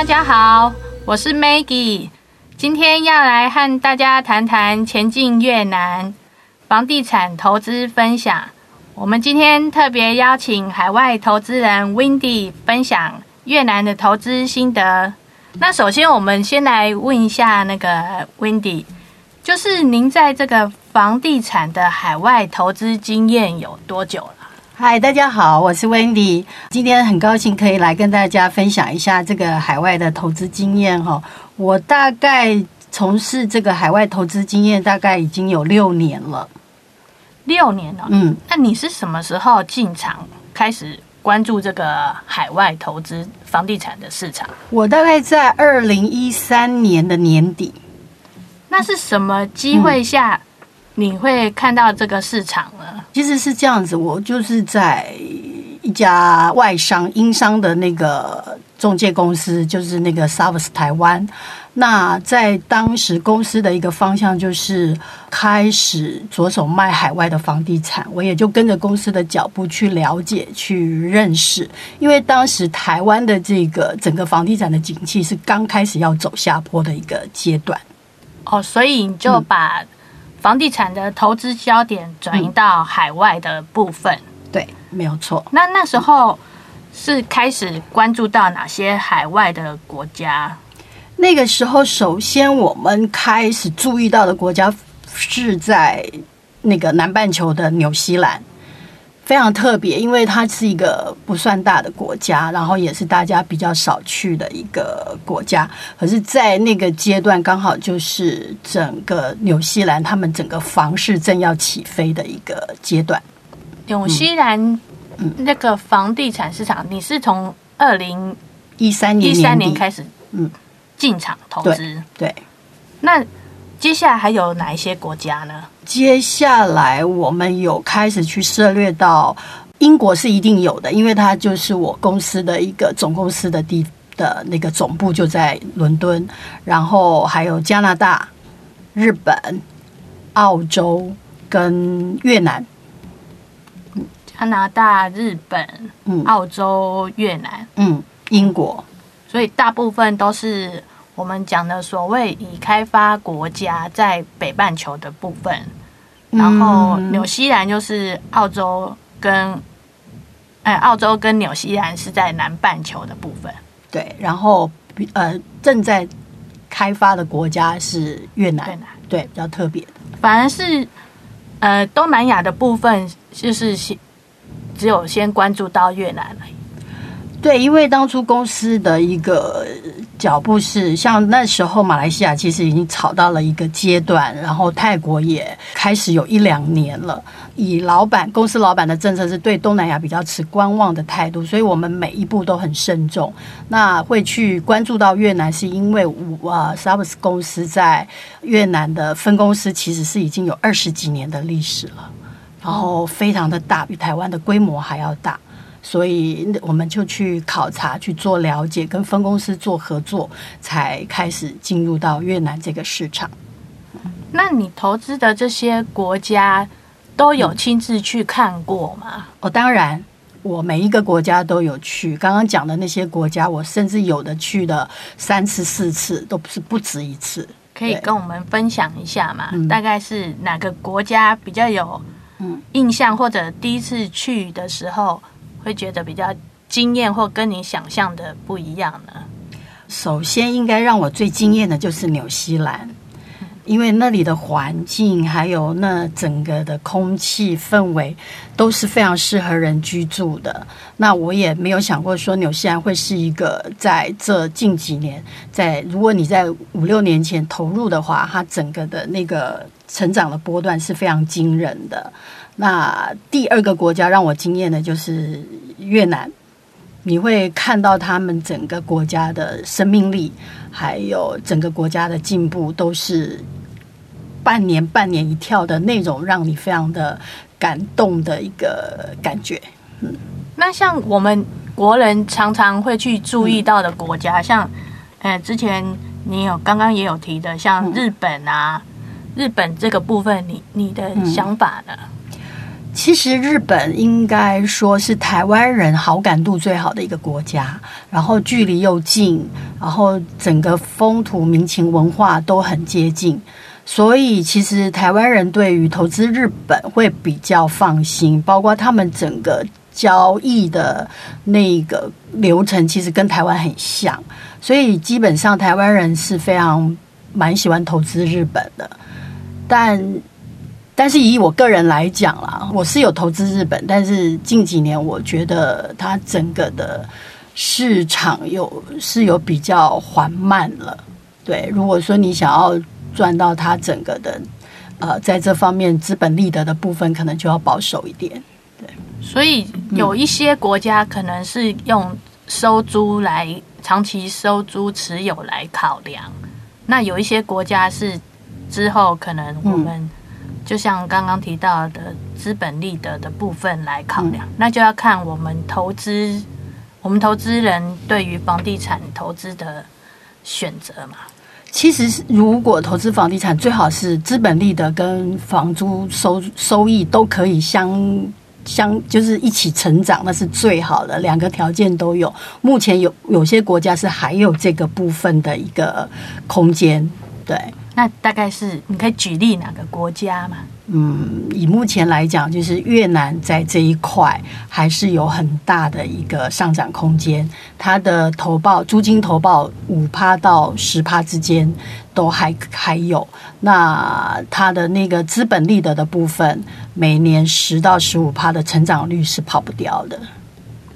大家好，我是 Maggie，今天要來和大家談談前進越南房地產投資分享。我們今天特別邀請海外投資人 Wendy 分享越南的投資心得。那首先，我們先來問一下那個 Wendy 就是您在這個房地產的海外投資經驗有多久了？嗨，Hi, 大家好，我是 Wendy。今天很高興可以來跟大家分享一下這個海外的投資經驗哈。我大概從事這個海外投資經驗大概已經有六年了，六年了哦。嗯，那你是什麼時候進場開始關注這個海外投資房地產的市場？我大概在二零一三年的年底，那是什麼機會下？嗯。你會看到這個市場了。其實是這樣子，我就是在一家外商、英商的那個中介公司，就是那個 Savills 台灣。那在當時，公司的一個方向就是開始着手賣海外的房地產，我也就跟着公司的腳步去了解、去認識。因為當時台灣的這個整個房地產的景氣是剛開始要走下坡的一個階段。哦，所以你就把、嗯。房地產的投資焦點轉移到海外的部分，嗯，對，沒有錯。那那時候是開始關注到哪些海外的國家？那個時候首先我們開始注意到的國家是在那個南半球的紐西蘭。非常特別，因為它是一個不算大的國家，然後也是大家比較少去的一個國家。可是，在那個階段，剛好就是整個紐西蘭他們整個房市正要起飛的一個階段。紐西蘭，那個房地產市場，嗯，你是從二零一三年一三年開始，嗯，進場投資，對。對，那接下來還有哪一些國家呢？接下來我們有開始去涉獵到英國是一定有的，因為它就是我公司的一個總公司的地的那個總部就在倫敦，然後還有加拿大、日本、澳洲跟越南。加拿大、日本、嗯，澳洲、越南，嗯，英國，所以大部分都是我們講的所謂已開發國家在北半球的部分。然後紐西蘭就是澳洲跟，哎、呃，澳洲跟紐西蘭是在南半球的部分。對，然後呃正在開發的國家是越南。越南。對，比較特別的，反而是呃東南亞的部分，就是先只有先關注到越南了。對，因為當初公司的一個。腳步是像那時候，馬來西亞其實已經炒到了一個階段，然後泰國也開始有一兩年了。以老闆公司老闆的政策是對東南亞比較持觀望的態度，所以我們每一步都很慎重。那會去關注到越南，是因為我啊 Savills 公司在越南的分公司其實是已經有二十幾年的歷史了，然後非常的大，比台灣的規模還要大。所以我們就去考察，去做了解，跟分公司做合作，才開始進入到越南這個市場。那你投資的這些國家都有親自去看過嗎？嗯？哦，當然，我每一個國家都有去。剛剛講的那些國家，我甚至有的去了三次、四次，都不是不止一次。可以跟我們分享一下嗎？嗯、大概是哪個國家比較有印象，嗯、或者第一次去的時候？會覺得比較驚艷，或跟你想象的不一樣呢？首先，應該讓我最驚艷的就是紐西蘭，因為那裡的環境，還有那整個的空氣氛圍，都是非常適合人居住的。那我也沒有想過說紐西蘭會是一個在這近幾年，在如果你在五六年前投入的話，它整個的那個成長的波段是非常驚人的。那第二個國家讓我驚豔的就是越南，你會看到他們整個國家的生命力，還有整個國家的進步都是半年半年一跳的內容，讓你非常的感動的一個感覺。嗯，那像我們國人常常會去注意到的國家，像呃之前你有剛剛也有提的，像日本啊，嗯、日本這個部分，你你的想法呢？嗯其實日本應該說是台灣人好感度最好的一個國家，然後距離又近，然後整個風土民情文化都很接近，所以其實台灣人對於投資日本會比較放心，包括他們整個交易的那個流程，其實跟台灣很像，所以基本上台灣人是非常蠻喜歡投資日本的，但。但是以我個人來講啦，我是有投資日本，但是近幾年我覺得它整個的市場有是有比較緩慢了。對，如果說你想要賺到它整個的呃，在這方面資本利得的部分，可能就要保守一點。對，所以有一些國家可能是用收租來長期收租持有來考量，那有一些國家是之後可能我們。就像剛剛提到的資本利得的部分來考量，嗯，那就要看我們投資，我們投資人對於房地產投資的選擇嘛。其實，如果投資房地產，最好是資本利得跟房租收收益都可以相相，就是一起成長，那是最好的。兩個條件都有。目前有有些國家是還有這個部分的一個空間，對。那大概是你可以舉例哪個國家嘛？嗯，以目前來講，就是越南在這一塊還是有很大的一個上漲空間。它的投報租金投報五趴到十趴之間都還還有。那它的那個資本利得的部分，每年十到十五趴的成長率是跑不掉的。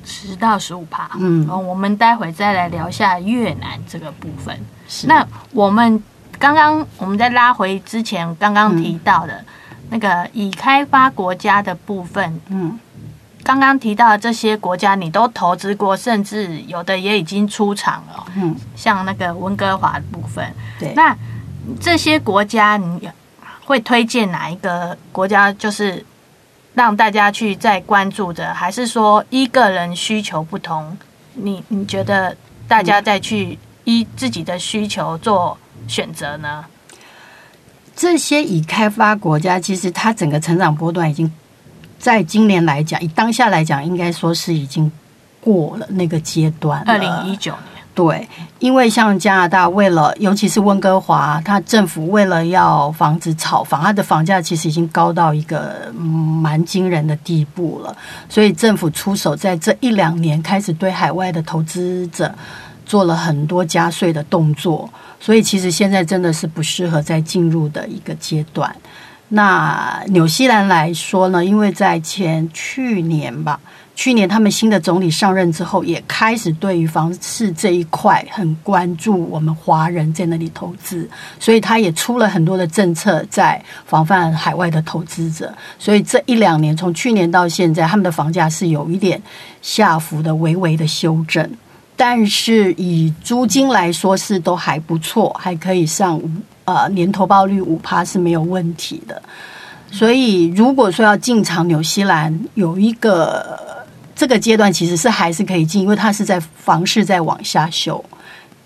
十到十五趴，嗯、哦，我們待會再來聊一下越南這個部分。是，那我們。剛剛我們再拉回之前，剛剛提到的那個已開發國家的部分，嗯，剛剛提到這些國家，你都投資過，甚至有的也已經出場了，嗯，像那個溫哥華部分，對，那這些國家你會推薦哪一個國家？就是讓大家去再關注的，還是說依個人需求不同，你你覺得大家再去依自己的需求做？選擇呢？這些已開發國家，其實它整個成長波段已經，在今年來講，以當下來講，應該說是已經過了那個階段。二零一九年，對，因為像加拿大，為了尤其是溫哥華，它政府為了要防止炒房，它的房價其實已經高到一個、嗯、蠻驚人的地步了，所以政府出手在這一兩年開始對海外的投資者做了很多加稅的動作。所以其實現在真的是不適合再進入的一個階段。那紐西蘭來說呢，因為在前去年吧，去年他們新的總理上任之後，也開始對於房市這一塊很關注，我們華人在那裡投資，所以他也出了很多的政策在防範海外的投資者。所以這一兩年，從去年到現在，他們的房價是有一點下浮的，微微的修正。但是以租金來說是都還不錯，還可以上五呃、年投報率五趴是沒有問題的。所以如果說要進場紐西蘭，有一個這個階段其實是還是可以進，因為它是在房市在往下修，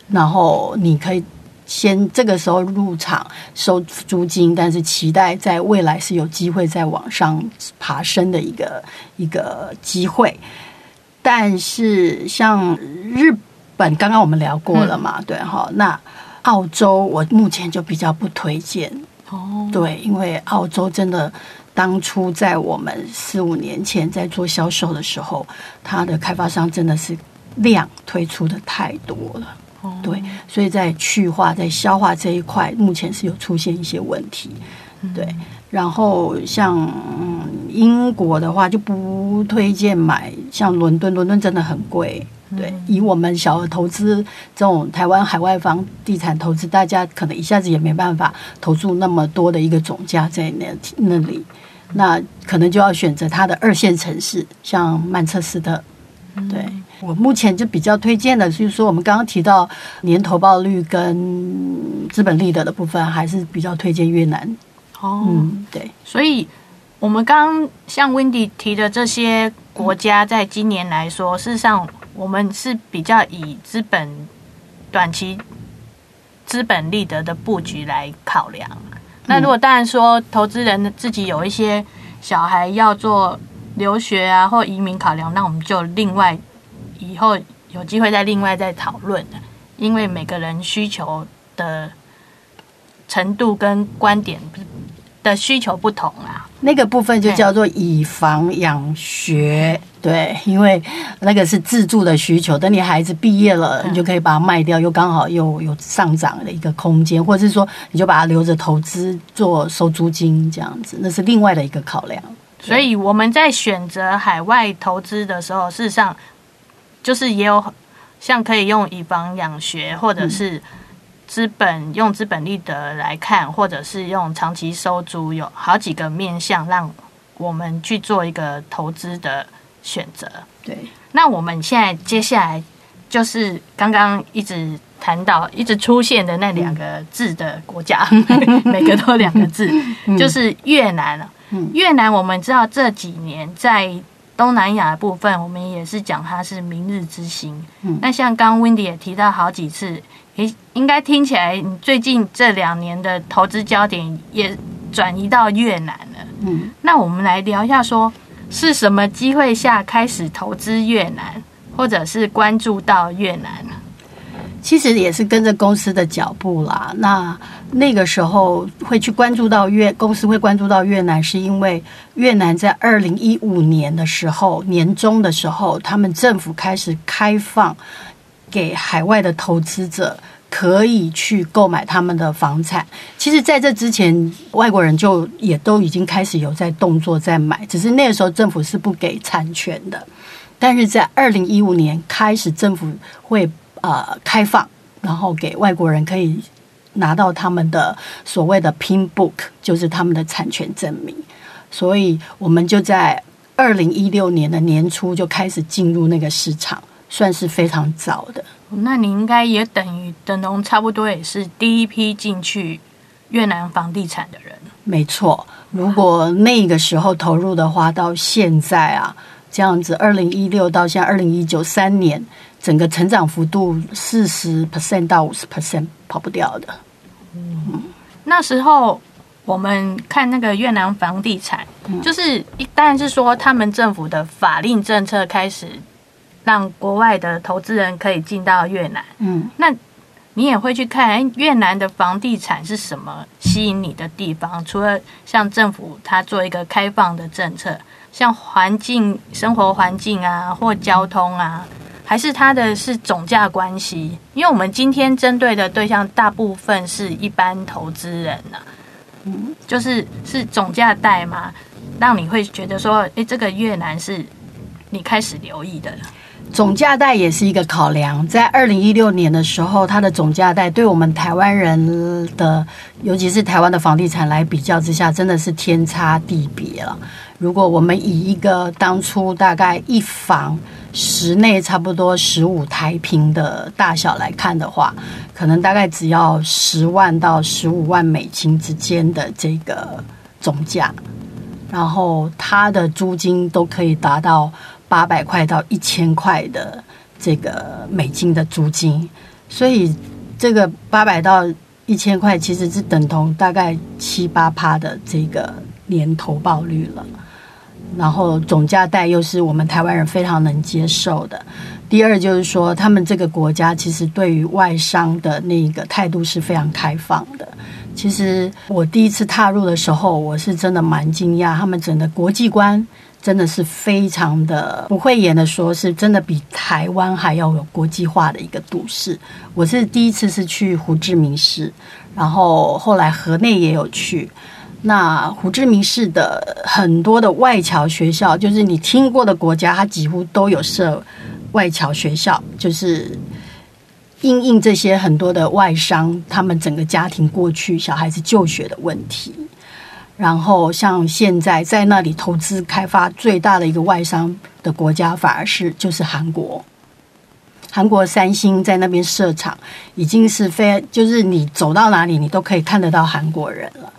然後你可以先這個時候入場收租金，但是期待在未來是有機會再往上爬升的一個一個機會。但是像日本，剛剛我們聊過了嘛，嗯、對哈？那澳洲，我目前就比較不推薦哦。對，因為澳洲真的當初在我們四五年前在做銷售的時候，它的開發商真的是量推出的太多了，哦、對，所以在去化、在消化這一塊，目前是有出現一些問題。對，然後像英國的話就不推薦買，像倫敦，倫敦真的很貴。對，嗯、以我們小額投資這種台灣海外房地產投資，大家可能一下子也沒辦法投注那麼多的一個總價在那那裡，那可能就要選擇它的二線城市，像曼徹斯特。嗯、對，我目前就比較推薦的，就是說我們剛剛提到年投報率跟資本利得的部分，還是比較推薦越南。哦、嗯，對，所以我們剛剛像 Wendy 提的這些國家，在今年來說，事實上我們是比較以資本短期資本利得的布局來考量。嗯、那如果當然說，投資人自己有一些小孩要做留學啊或移民考量，那我們就另外以後有機會再另外再討論、啊。因為每個人需求的程度跟觀點不是。的需求不同啊，那個部分就叫做以房養學，嗯、對，因為那個是自住的需求，等你孩子畢業了，你就可以把它賣掉，又剛好又有上漲的一個空間，或者是說你就把它留着投資做收租金這樣子，那是另外的一個考量。所以我們在選擇海外投資的時候，事實上就是也有像可以用以房養學，或者是。資本用資本利得來看，或者是用長期收租，有好幾個面向，讓我們去做一個投資的選擇。對，那我們現在接下來就是剛剛一直談到、一直出現的那兩個字的國家，嗯、 每個都兩個字， 就是越南了。嗯、越南我們知道這幾年在東南亞的部分，我們也是講它是明日之星。嗯、那像剛剛 Wendy 也提到好幾次。應該聽起來，你最近這兩年的投資焦點也轉移到越南了。嗯，那我們來聊一下，說是什麼機會下開始投資越南，或者是關注到越南呢、啊？其實也是跟着公司的腳步啦。那那個時候會去關注到越，公司會關注到越南，是因為越南在二零一五年的時候，年中的時候，他們政府開始開放。給海外的投資者可以去購買他們的房產。其實，在這之前，外國人就也都已經開始有在動作在買，只是那個時候政府是不給產權的。但是在二零一五年開始，政府會呃開放，然後給外國人可以拿到他們的所謂的 pink book，就是他們的產權證明。所以，我們就在二零一六年的年初就開始進入那個市場。算是非常早的，那你應該也等於等同差不多也是第一批進去越南房地產的人。沒錯，如果那個時候投入的話，到現在啊，這樣子，二零一六到現在二零一九三年，整個成長幅度四十 percent 到五十 percent 跑不掉的。嗯，那時候我們看那個越南房地產，嗯、就是一旦是說他們政府的法令政策開始。讓國外的投資人可以進到越南，嗯，那你也會去看，誒，越南的房地產是什麼吸引你的地方？除了像政府它做一個開放的政策，像環境、生活環境啊，或交通啊，還是它的是總價關係？因為我們今天針對的對象大部分是一般投資人呢，嗯，就是是總價貸嘛，讓你會覺得說，誒，這個越南是你開始留意的。總價帶也是一個考量，在二零一六年的時候，它的總價帶對我們台灣人的，尤其是台灣的房地產來比較之下，真的是天差地別了。如果我們以一個當初大概一房室內差不多十五台平的大小來看的話，可能大概只要十萬到十五萬美金之間的這個總價，然後它的租金都可以達到，八百塊到一千塊的這個美金的租金，所以這個八百到一千塊其實是等同大概七八趴的這個年投報率了。然後總價帶又是我們台灣人非常能接受的。第二就是說，他們這個國家其實對於外商的那個態度是非常開放的。其實我第一次踏入的時候，我是真的蠻驚訝，他們整個國際觀。真的是非常的不諱言的，說是真的比台灣還要有國際化的一個都市。我是第一次是去胡志明市，然後後來河內也有去。那胡志明市的很多的外僑學校，就是你聽過的國家，它幾乎都有設外僑學校，就是因應這些很多的外商他們整個家庭過去小孩子就學的問題。然後，像現在在那裡投資開發最大的一個外商的國家，反而是就是韓國。韓國三星在那邊設廠，已經是非就是你走到哪裡你都可以看得到韓國人了。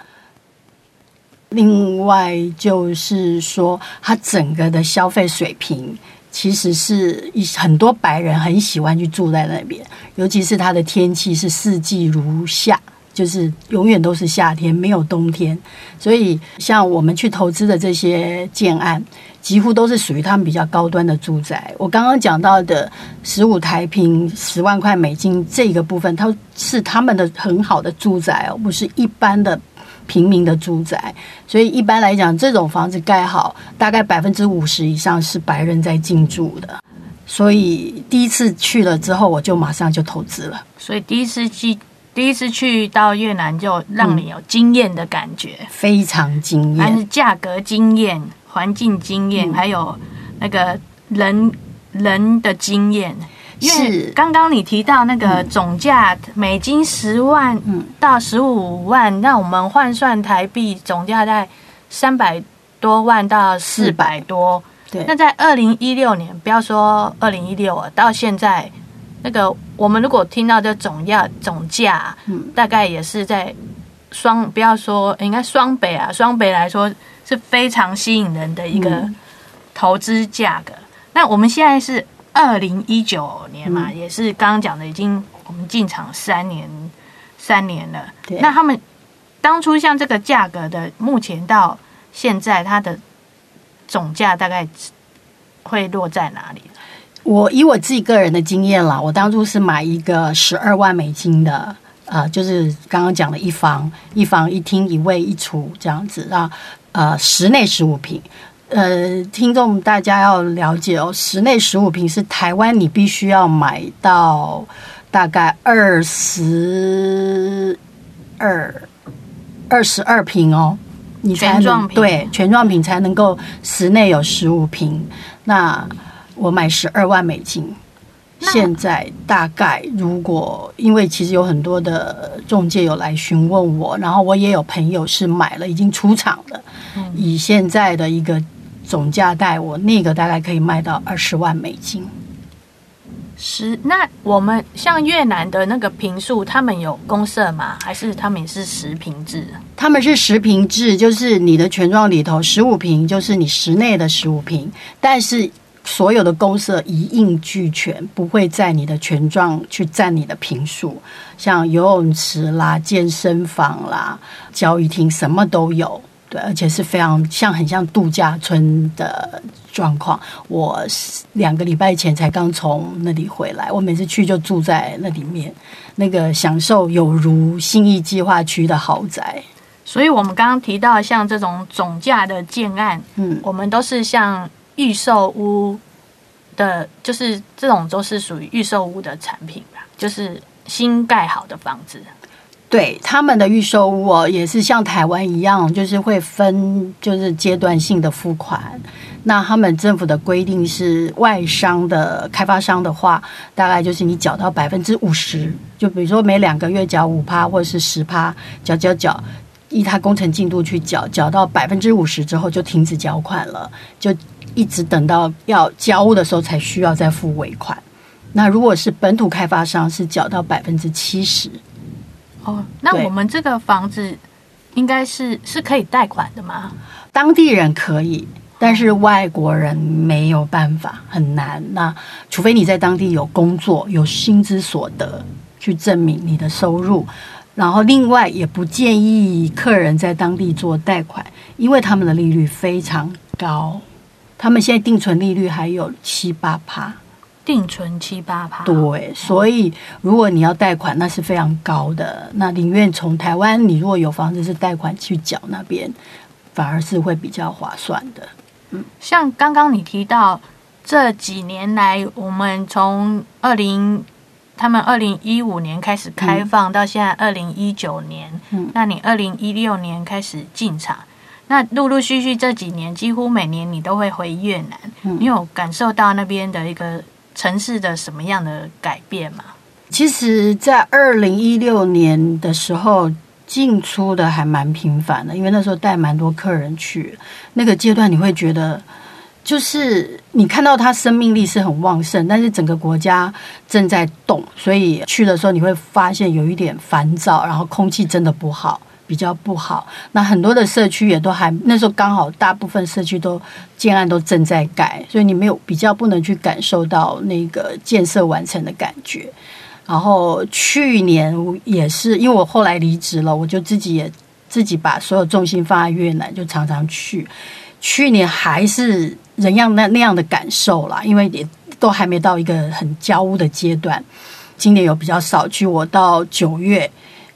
另外就是說，它整個的消費水平，其實是一很多白人很喜歡去住在那邊，尤其是它的天氣是四季如夏。就是永遠都是夏天，沒有冬天，所以像我們去投資的這些建案，幾乎都是屬於他們比較高端的住宅。我剛剛講到的十五台平、十萬塊美金，這個部分，它是他們的很好的住宅哦，不是一般的平民的住宅。所以一般來講，這種房子蓋好，大概百分之五十以上是白人在進駐的。所以第一次去了之後，我就馬上就投資了。所以第一次去。第一次去到越南，就讓你有驚豔的感覺，非常驚豔。還是價格驚豔，環境驚豔，嗯、還有那個人人的驚艷。是因為剛剛你提到那個總價，美金十萬到十五萬，嗯、那我們換算台幣，總價在三百多萬到四百多。對，嗯、那在二零一六年，不要說二零一六啊，到現在。那個，我們如果聽到的總要總價，大概也是在雙不要說應該雙北啊，雙北來說是非常吸引人的一個投資價格。嗯、那我們現在是二零一九年嘛，嗯、也是剛剛講的，已經我們進場三年三年了。對那他們當初像這個價格的，目前到現在它的總價大概會落在哪裡？我以我自己個人的經驗啦，我當初是買一個十二萬美金的，啊、呃，就是剛剛講的一房一房一廳一衛一廚這樣子啊，呃，室內十五平，呃，聽眾大家要了解哦，室內十五平是台灣你必須要買到大概二十二二十二平哦，你才能，權狀坪。對，權狀坪才能夠室內有十五平，那，我買十二萬美金，那現在大概如果因為其實有很多的中介有來詢問我，然後我也有朋友是買了已經出廠了，嗯、以現在的一個總價帶我那個大概可以賣到二十萬美金。十那我們像越南的那個坪數，他們有公設嗎？還是他們也是實坪制？他們是實坪制，就是你的權狀裡頭十五坪就是你室內的十五坪，但是。所有的公設一應俱全，不會在你的權狀去占你的坪數，像游泳池啦、健身房啦、交誼廳什麼都有，對，而且是非常像很像度假村的狀況。我兩個禮拜前才剛從那裡回來，我每次去就住在那裡面，那個享受有如信義計劃區的豪宅。所以，我們剛剛提到像這種總價的建案，嗯，我們都是像。預售屋的，就是這種都是屬於預售屋的產品吧，就是新蓋好的房子。對，他們的預售屋哦，也是像台灣一樣，就是會分就是階段性的付款。那他們政府的規定是，外商的開發商的話，大概就是你繳到百分之五十，就比如說每兩個月繳五趴或者是十趴，繳繳繳，依他工程進度去繳，繳到百分之五十之後就停止繳款了，就。一直等到要交屋的時候才需要再付尾款。那如果是本土開發商，是繳到百分之七十。哦，那我們這個房子應該是是可以貸款的嗎？當地人可以，但是外國人沒有辦法，很難。那除非你在當地有工作，有薪資所得去證明你的收入。然後另外，也不建議客人在當地做貸款，因為他們的利率非常高。他們現在定存利率還有七八趴，定存七八趴。對，嗯、所以如果你要貸款，那是非常高的。那寧願從台灣，你如果有房子是貸款去繳那邊，反而是會比較划算的。嗯，像剛剛你提到這幾年來，我們從二零，他們二零一五年開始開放、嗯、到現在二零一九年，嗯、那你二零一六年開始進場。那陸陸續續這幾年，幾乎每年你都會回越南，嗯、你有感受到那邊的一個城市的什麼樣的改變嗎？其實，在二零一六年的時候，進出的還蠻頻繁的，因為那時候帶蠻多客人去。那個階段，你會覺得就是你看到它生命力是很旺盛，但是整個國家正在動，所以去的時候你會發現有一點煩躁，然後空氣真的不好。比較不好，那很多的社區也都還那時候剛好大部分社區都建案都正在蓋，所以你沒有比較不能去感受到那個建設完成的感覺。然後去年也是因為我後來離職了，我就自己也自己把所有重心放在越南，就常常去。去年還是人樣那那樣的感受啦，因為也都還沒到一個很交屋的階段。今年有比較少去我，我到九月，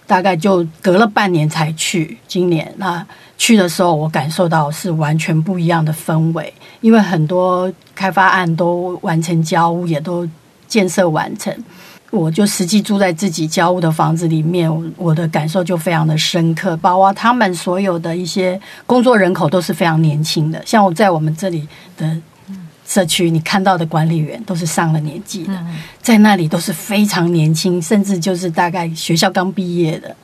大概就隔了半年才去，今年那去的時候，我感受到是完全不一樣的氛圍，因為很多開發案都完成交屋，也都建設完成，我就實際住在自己交屋的房子裡面，我的感受就非常的深刻，包括他們所有的一些工作人口都是非常年輕的，像我在我們這裡的。社區你看到的管理員都是上了年紀的，在那裡都是非常年輕，甚至就是大概學校剛畢業的，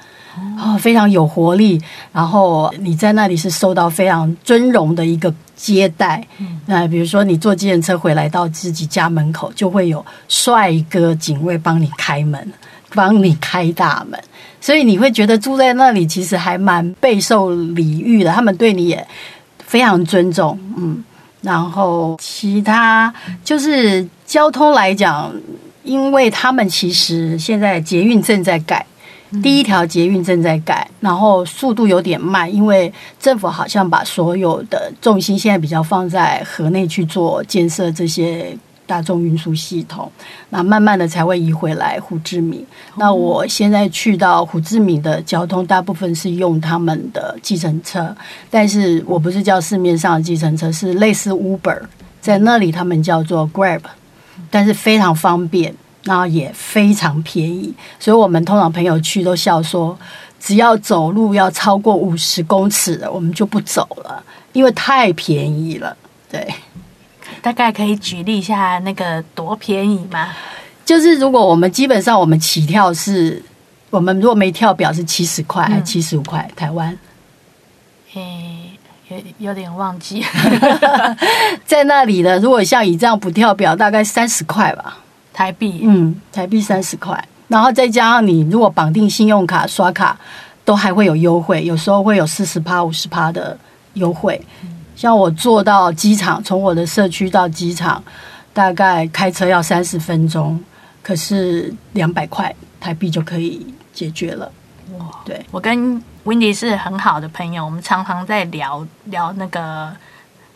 哦，非常有活力。然後你在那裡是受到非常尊榮的一個接待，那比如說你坐計程車回來到自己家門口，就會有帥哥警衛幫你開門，幫你開大門。所以你會覺得住在那裡其實還蠻備受禮遇的，他們對你也非常尊重。嗯。然後，其他就是交通來講，因為他們其實現在捷運正在改，第一條捷運正在改，然後速度有點慢，因為政府好像把所有的重心現在比較放在河內去做建設這些。大眾運輸系統，那慢慢的才會移回來胡志明。那我現在去到胡志明的交通，大部分是用他們的計程車，但是我不是叫市面上的計程車，是類似 Uber，在那裡他們叫做 Grab，但是非常方便，然後也非常便宜。所以我們通常朋友去都笑說，只要走路要超過五十公尺，我們就不走了，因為太便宜了。對。大概可以舉例一下那個多便宜嗎？就是如果我們基本上我們起跳是，我們如果沒跳表是七十塊還是七十五塊？嗯、台灣灣？誒、欸，有有點忘記， 在那裡的如果像你這樣不跳表，大概三十塊吧，台幣幣。嗯，台幣三十塊，然後再加上你如果綁定信用卡刷卡，都還會有優惠，有時候會有四十趴、五十趴的優惠。嗯像我坐到機場，從我的社區到機場，大概開車要三十分鐘，可是兩百塊台幣就可以解決了。哇、哦！對我跟 Wendy 是很好的朋友，我們常常在聊聊那個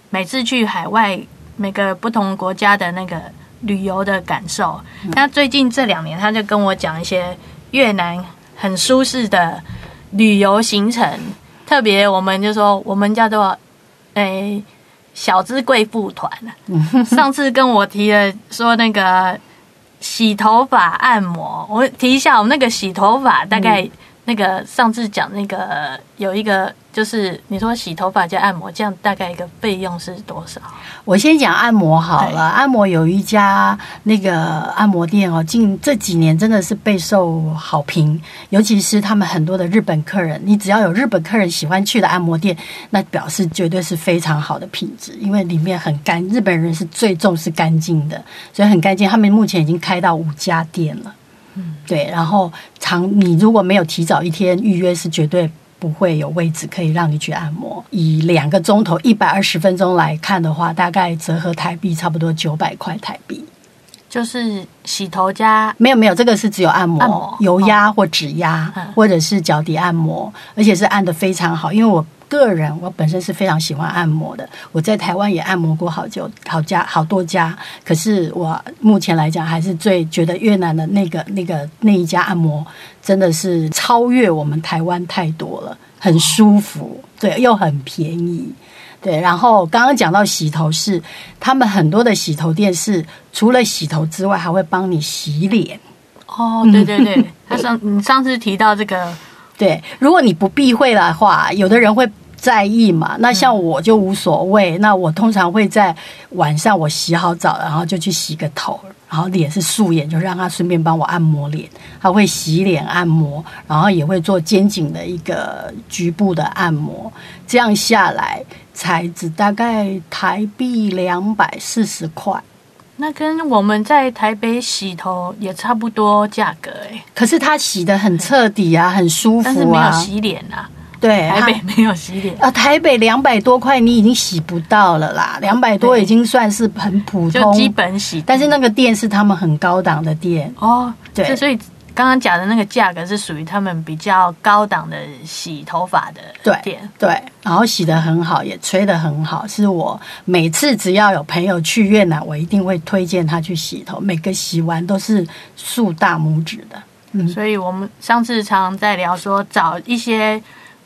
每次去海外每個不同國家的那個旅遊的感受。嗯、那最近這兩年，他就跟我講一些越南很舒適的旅遊行程，特別我們就說我們叫做。誒、欸，小資貴婦團， 上次跟我提了說那個洗頭髮按摩，我提一下，我們那個洗頭髮大概那個上次講那個有一個。就是你說洗頭髮加按摩，這樣大概一個費用是多少？我先講按摩好了。對按摩有一家那個按摩店哦，近這幾年真的是備受好評，尤其是他們很多的日本客人。你只要有日本客人喜歡去的按摩店，那表示絕對是非常好的品質，因為裡面很乾，日本人是最重視乾淨的，所以很乾淨。他們目前已經開到五家店了，嗯，對。然後常你如果沒有提早一天預約，是絕對。不會有位置可以讓你去按摩。以兩個鐘頭一百二十分鐘來看的話，大概折合台幣差不多九百塊台幣，就是洗頭加沒有沒有，這個是只有按摩，按摩油壓或指壓，哦、或者是腳底按摩，哦、而且是按得非常好，因為我。個人，我本身是非常喜歡按摩的。我在台灣也按摩過好久、好家、好多家，可是我目前來講，還是最覺得越南的那個、那個那一家按摩真的是超越我們台灣太多了，很舒服，對，又很便宜，對。然後剛剛講到洗頭是，他們很多的洗頭店是除了洗頭之外，還會幫你洗臉。哦，對對對， 他上你上次提到這個，對，如果你不避諱的話，有的人會。在意嘛？那像我就無所謂。嗯、那我通常會在晚上，我洗好澡，然後就去洗個頭，然後臉是素顏，就讓他順便幫我按摩臉。他會洗臉、按摩，然後也會做肩頸的一個局部的按摩。這樣下來才只大概台幣兩百四十塊。那跟我們在台北洗頭也差不多價格、欸、可是他洗得很徹底啊，對很舒服啊。但是沒有洗臉啊。對，台北沒有洗臉啊！台北兩百多塊，你已經洗不到了啦。兩百多已經算是很普通，就基本洗。但是那個店是他們很高檔的店哦。對，所以剛剛講的那個價格，是屬於他們比較高檔的洗頭髮的店對。對，然後洗得很好，也吹得很好。是我每次只要有朋友去越南，我一定會推薦他去洗頭。每個洗完都是豎大拇指的。嗯，所以我們上次常常在聊說找一些。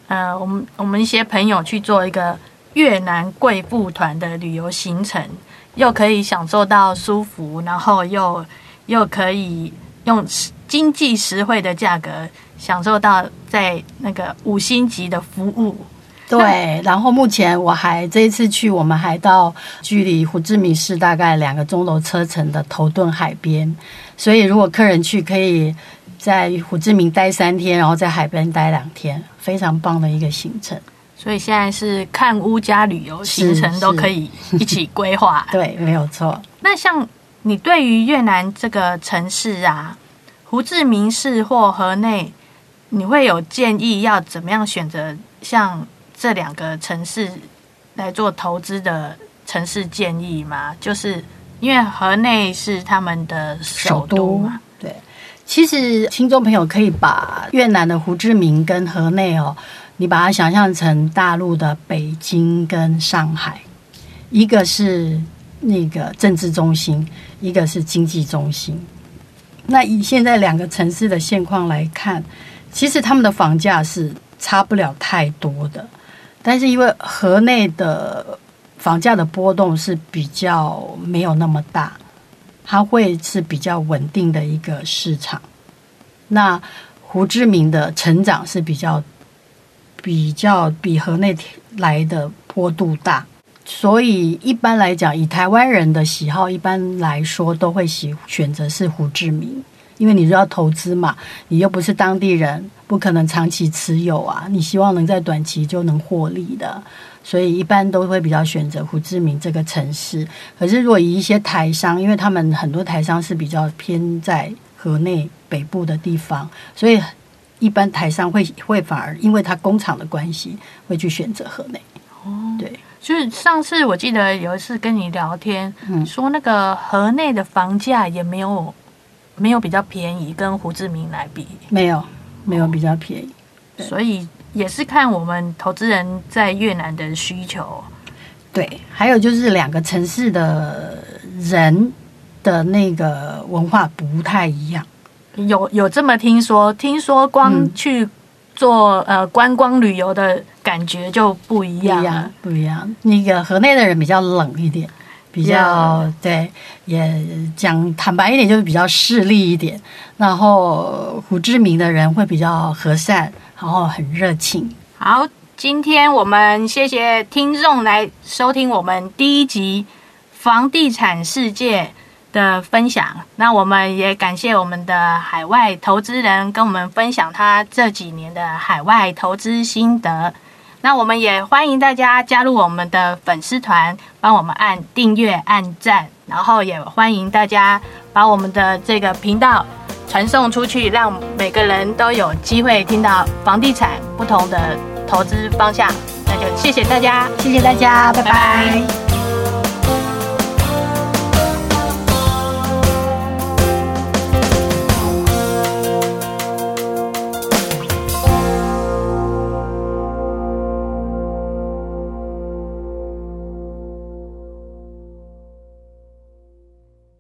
呃，我們我們一些朋友去做一個越南貴婦團的旅遊行程，又可以享受到舒服，然後又又可以用經濟實惠的價格享受到在那個五星級的服務。對，那然後目前我還這一次去，我們還到距離胡志明市大概兩個鐘頭車程的頭頓海邊，所以如果客人去可以，在胡志明待三天，然後在海邊待兩天，非常棒的一個行程。所以現在是看屋加旅遊行程都可以一起規劃。 對，沒有錯。那像你對於越南這個城市啊，胡志明市或河內，你會有建議要怎麼樣選擇像這兩個城市來做投資的城市建議嗎？就是因為河內是他們的首都嘛。其實，聽眾朋友可以把越南的胡志明跟河內哦，你把它想象成大陸的北京跟上海，一個是那個政治中心，一個是經濟中心。那以現在兩個城市的現況來看，其實他們的房價是差不了太多的，但是因為河內的房價的波動是比較沒有那麼大。它會是比較穩定的一個市場，那胡志明的成長是比較，比較比河內來的坡度大，所以一般來講，以台灣人的喜好，一般來說都會喜選擇是胡志明，因為你知道要投資嘛，你又不是當地人，不可能長期持有啊，你希望能在短期就能獲利的。所以一般都會比較選擇胡志明這個城市。可是如果一些台商，因為他們很多台商是比較偏在河內北部的地方，所以一般台商會會反而因為他工廠的關係，會去選擇河內。哦，對。就是、嗯、上次我記得有一次跟你聊天，嗯、說那個河內的房價也沒有沒有比較便宜，跟胡志明來比，沒有沒有比較便宜，所以。也是看我們投資人在越南的需求，對，還有就是兩個城市的人的那個文化不太一樣，有有這麼聽說，聽說光去做呃觀光旅遊的感覺就不一樣，不一樣，不一樣，那個河內的人比較冷一點。比較、嗯、對，也講坦白一點，就是比較勢利一點。然後，胡志明的人會比較和善，然後很熱情。好，今天我們謝謝聽眾來收聽我們第一集房地產世界的分享。那我們也感謝我們的海外投資人跟我們分享他這幾年的海外投資心得。那我們也歡迎大家加入我們的粉絲團，幫我們按訂閱、按讚，然後也歡迎大家把我們的這個頻道傳送出去，讓每個人都有機會聽到房地產不同的投資方向。那就謝謝大家，嗯，謝謝大家，嗯，拜拜。拜拜。